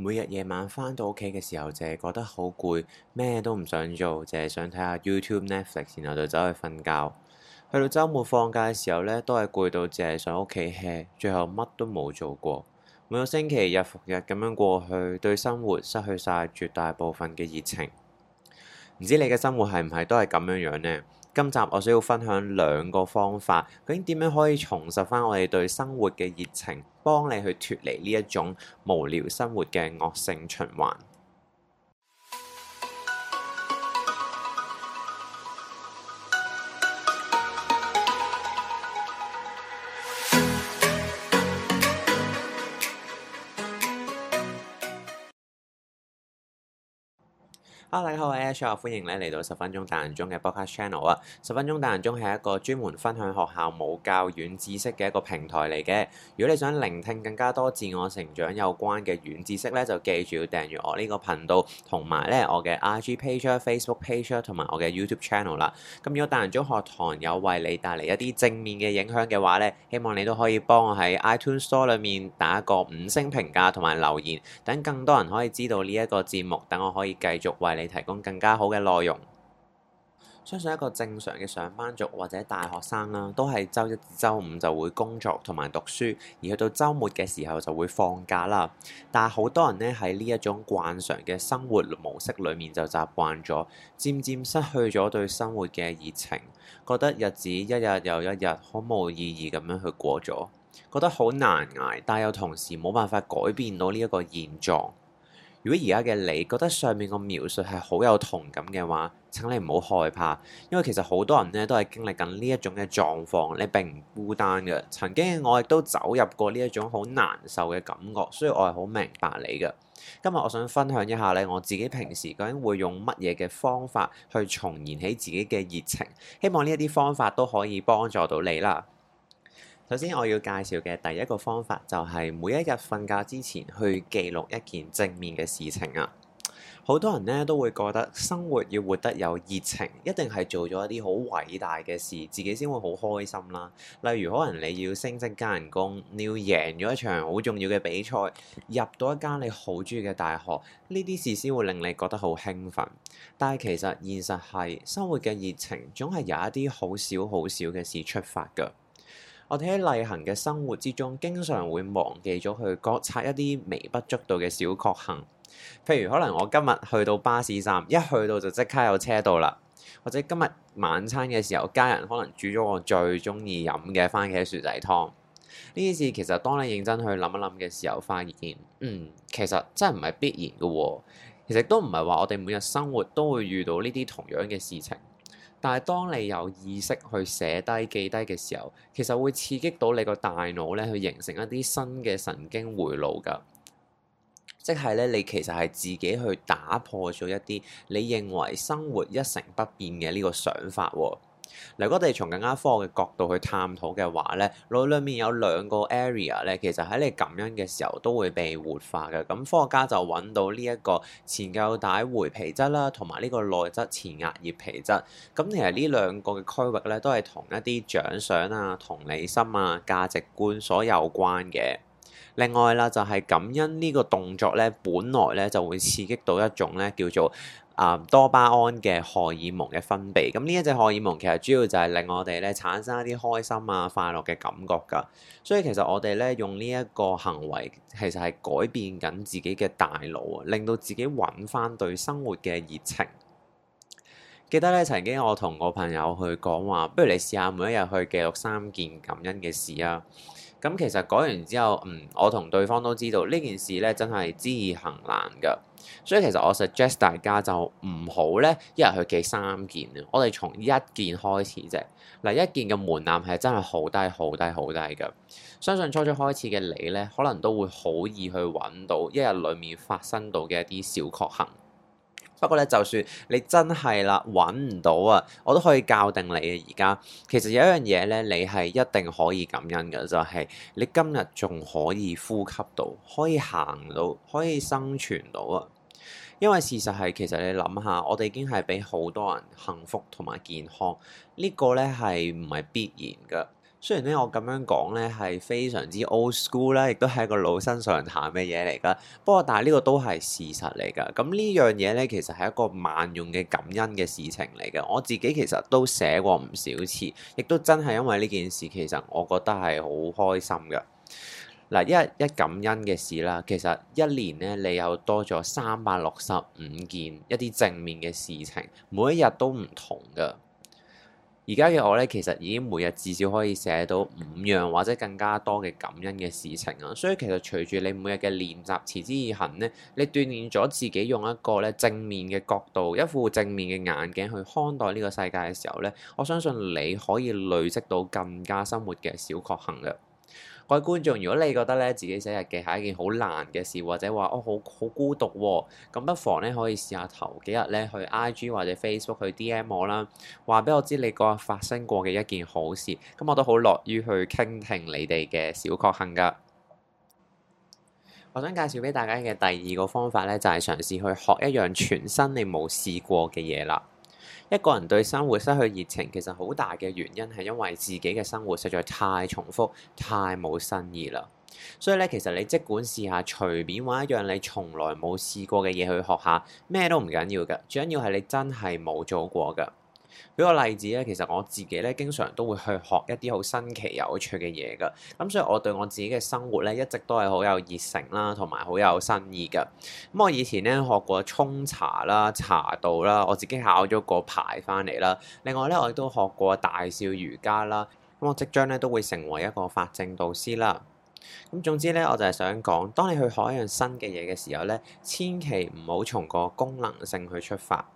每日夜晚返到屋企嘅時候，淨係覺得好攰，咩都唔想做，淨係想睇下 YouTube、Netflix，然後就走去瞓覺。去到周末放假嘅時候咧，都係攰到淨係想屋企 hea，最後乜都冇做過。每個星期日復日咁樣過去，對生活失去晒絕大部分嘅熱情。唔知你嘅生活係唔係都係咁樣樣呢？今集我需要分享兩個方法，究竟點樣可以重拾返我哋對生活嘅熱情，幫你去脫離呢一種無聊生活嘅惡性循環。Hello 大家好，我係 Ashley，歡迎咧，嚟到十分鐘大人中嘅 Podcast Channel 啊！十分鐘大人中係一個專門分享學校冇教軟知識嘅一個平台嚟嘅。如果你想聆聽更加多自我成長有關嘅軟知識咧，就記住要訂閱我呢個頻道，同埋咧我嘅 IG page、Facebook page 同埋我嘅 YouTube channel 啦。咁如果大人中學堂有為你帶嚟一啲正面嘅影響嘅話咧，希望你都可以幫我喺 iTunes Store 裏面打個五星評價同埋留言，等更多人可以知道呢一個節目，等我可以繼續為你。你提供更加好嘅內容。相信一個正常嘅上班族或者大學生啦，都係周一至週五就會工作同埋讀書，而去到周末嘅時候就會放假啦。但係好多人咧喺呢一種慣常嘅生活模式裏面就習慣咗，漸漸失去咗對生活嘅熱情，覺得日子一日又一日好冇意義咁樣去過咗，覺得好難挨，但又同時冇辦法改變到呢一個現狀。如果而家嘅你覺得上面個描述係好有同感嘅話，請你唔好害怕，因為其實好多人呢都係經歷緊呢一種嘅狀況，你並唔孤單嘅。曾經我亦都走入過呢一種好難受嘅感覺，所以我係好明白你嘅。今日我想分享一下呢，我自己平時究竟會用乜嘢嘅方法去重燃起自己嘅熱情，希望呢一啲方法都可以幫助到你啦。首先，我要介紹嘅第一個方法就係每一日瞓覺之前去記錄一件正面嘅事情啊！好多人咧都會覺得生活要活得有熱情，一定係做咗一啲好偉大嘅事，自己先會好開心啦。例如，可能你要升職加人工，你要贏咗一場好重要嘅比賽，入到一間你好鍾意嘅大學，呢啲事先會令你覺得好興奮。但係其實現實係生活嘅熱情總係有一啲好少好少嘅事出發㗎。我哋喺例行嘅生活之中，經常會忘記咗去覺察一啲微不足道嘅小確幸，譬如可能我今日去到巴士站，一去到就即刻有車到啦；或者今日晚餐嘅時候，家人可能煮咗我最中意飲嘅番茄薯仔湯。呢件事其實當你認真去諗一諗嘅時候，發現，嗯，其實真係唔係必然嘅喎，哦，其實都唔係話我哋每日生活都會遇到呢啲同樣嘅事情。但係，當你有意識去寫低記低嘅時候，其實會刺激到你個大腦咧，去形成一啲新嘅神經回路㗎。即係咧，你其實係自己去打破咗一啲你認為生活一成不變嘅呢個想法喎。嗱，如果我哋從更加科學嘅角度去探討嘅話咧，腦裏面有兩個 area 咧，其實喺你感恩嘅時候都會被活化嘅。咁科學家就揾到呢一個前扣帶回皮質啦，同埋呢個內側前額葉皮質。咁其實呢兩個嘅區域咧，都係同一啲獎賞啊、同理心啊、價值觀所有關嘅。另外啦，就係感恩呢個動作咧，本來咧就會刺激到一種咧叫做啊多巴胺嘅荷爾蒙嘅分泌。咁呢一隻荷爾蒙其實主要就係令我哋咧產生一啲開心啊、快樂嘅感覺噶。所以其實我哋咧用呢一個行為，其實係改變緊自己嘅大腦啊，令到自己揾翻對生活嘅熱情。記得咧，曾經我同我朋友去講話，不如你試下每一日去記錄三件感恩嘅事啊。咁其實講完之後，嗯，我同對方都知道呢件事咧，真係知易行難噶。所以其實我 suggest 大家就唔好咧，一日去記三件，我哋從一件開始啫。嗱，一件嘅門檻係真係好低、好低、好低噶。相信初初開始嘅你咧，可能都會好易去揾到一日裡面發生到嘅一啲小確幸。不過咧，就算你真係啦，揾唔到啊，我都可以教定你嘅。而家其實有一樣嘢咧，你係一定可以感恩嘅，就係你今日仲可以呼吸到，可以行到，可以生存到啊！因為事實係，其實你諗下，我哋已經係俾好多人幸福同埋健康，呢個咧係唔係必然嘅？雖然咧，我咁樣講咧係非常之 old school 啦，亦都係一個老生常談嘅嘢嚟噶。不過，但係呢個都係事實嚟噶。咁呢樣嘢咧，其實係一個萬用嘅感恩嘅事情嚟噶。我自己其實都寫過唔少次，亦都真係因為呢件事，其實我覺得係好開心噶。嗱，一日一感恩嘅事啦，其實一年咧你有多咗三百六十五件一啲正面嘅事情，每一日都唔同噶。而家嘅我咧，其實已經每日至少可以寫到五樣或者更加多嘅感恩嘅事情啦。所以其實隨住你每日嘅練習，持之以恆咧，你鍛鍊咗自己用一個咧正面嘅角度，一副正面嘅眼鏡去看待呢個世界嘅時候咧，我相信你可以累積到更加生活嘅小確幸嘅。各位觀眾，如果你覺得咧自己寫日記係一件好難嘅事，或者話哦好好孤獨喎，咁不妨咧可以試下頭幾日咧去 IG 或者 Facebook 去 DM 我啦，話俾我知你嗰日發生過嘅一件好事，咁我都好樂於去傾聽你哋嘅小確幸噶。我想介紹俾大家嘅第二個方法咧，就係嘗試，試去學一樣全新你冇試過嘅嘢啦。一個人對生活失去熱情，其實好大嘅原因係因為自己嘅生活實在太重複、太冇新意啦。所以咧，其實你即管試下，隨便揾一樣你從來冇試過嘅嘢去學下，咩都唔緊要㗎，最緊要係你真係冇做過㗎。舉個例子咧，其實我自己咧經常都會去學一啲好新奇有趣嘅嘢噶，咁所以我對我自己嘅生活咧一直都係好有熱誠啦，同埋好有新意噶。咁我以前咧學過沖茶啦、茶道啦，我自己考咗個牌返嚟啦。另外咧，我亦都學過大笑瑜伽啦。咁我即將咧都會成為一個法政導師啦。咁總之咧，我就係想講，當你去學一樣新嘅嘢嘅時候咧，千祈唔好從個功能性去出發。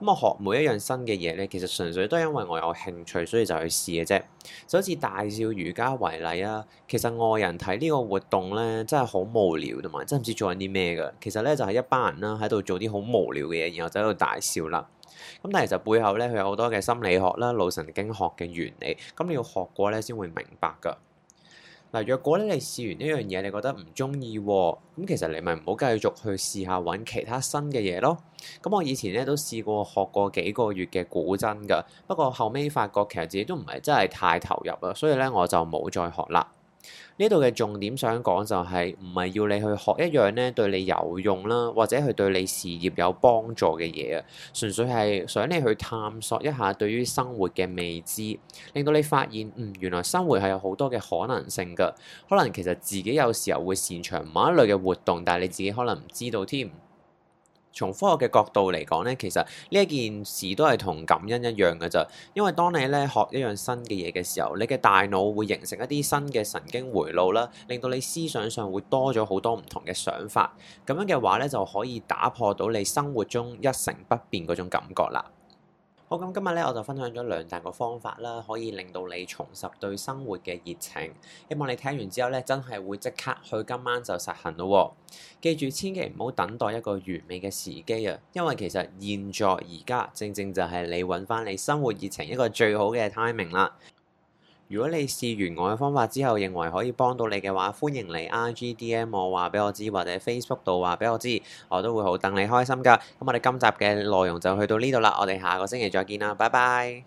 咁啊，學每一樣新嘅嘢咧，其實純粹都因為我有興趣，所以就去試嘅啫。就好似大笑瑜伽為例啊，其實外人睇呢個活動咧，真係好無聊，同埋真係唔知做緊啲咩㗎。其實咧就係一班人啦，喺度做啲好無聊嘅嘢，然後就喺度大笑啦。咁但係就背後咧，佢有好多嘅心理學啦、腦神經學嘅原理。咁你要學過咧，先會明白㗎。嗱，若果咧你試完呢樣嘢，你覺得唔中意喎，咁其實你咪唔好繼續去試下揾其他新嘅嘢咯。咁我以前咧都試過學過幾個月嘅古箏㗎，不過後尾發覺其實自己都唔係真係太投入啦，所以咧我就冇再學啦。呢度嘅重點想講就係，唔係要你去學一樣咧對你有用啦，或者係對你事業有幫助嘅嘢啊，純粹係想你去探索一下對於生活嘅未知，令到你發現，嗯，原來生活係有好多嘅可能性噶，可能其實自己有時候會擅長某一類嘅活動，但係你自己可能唔知道添。從科學嘅角度嚟講咧，其實呢一件事都係同感恩一樣嘅咋。因為當你咧學一樣新嘅嘢嘅時候，你嘅大腦會形成一啲新嘅神經回路啦，令到你思想上會多咗好多唔同嘅想法。咁樣嘅話咧，就可以打破到你生活中一成不變嗰種感覺啦。好咁，今日咧我就分享咗兩大個方法啦，可以令到你重拾對生活嘅熱情。希望你聽完之後咧，真係會即刻去今晚就實行咯。記住，千祈唔好等待一個完美嘅時機啊，因為其實現在而家正正就係你揾翻你生活熱情一個最好嘅 timing 啦。如果你試完我嘅方法之後認為可以幫到你嘅話，歡迎嚟 IGDM 我話俾我知，或者 Facebook 度話俾我知，我都會好等你開心噶。咁我哋今集嘅內容就去到呢度啦，我哋下個星期再見啦，拜拜。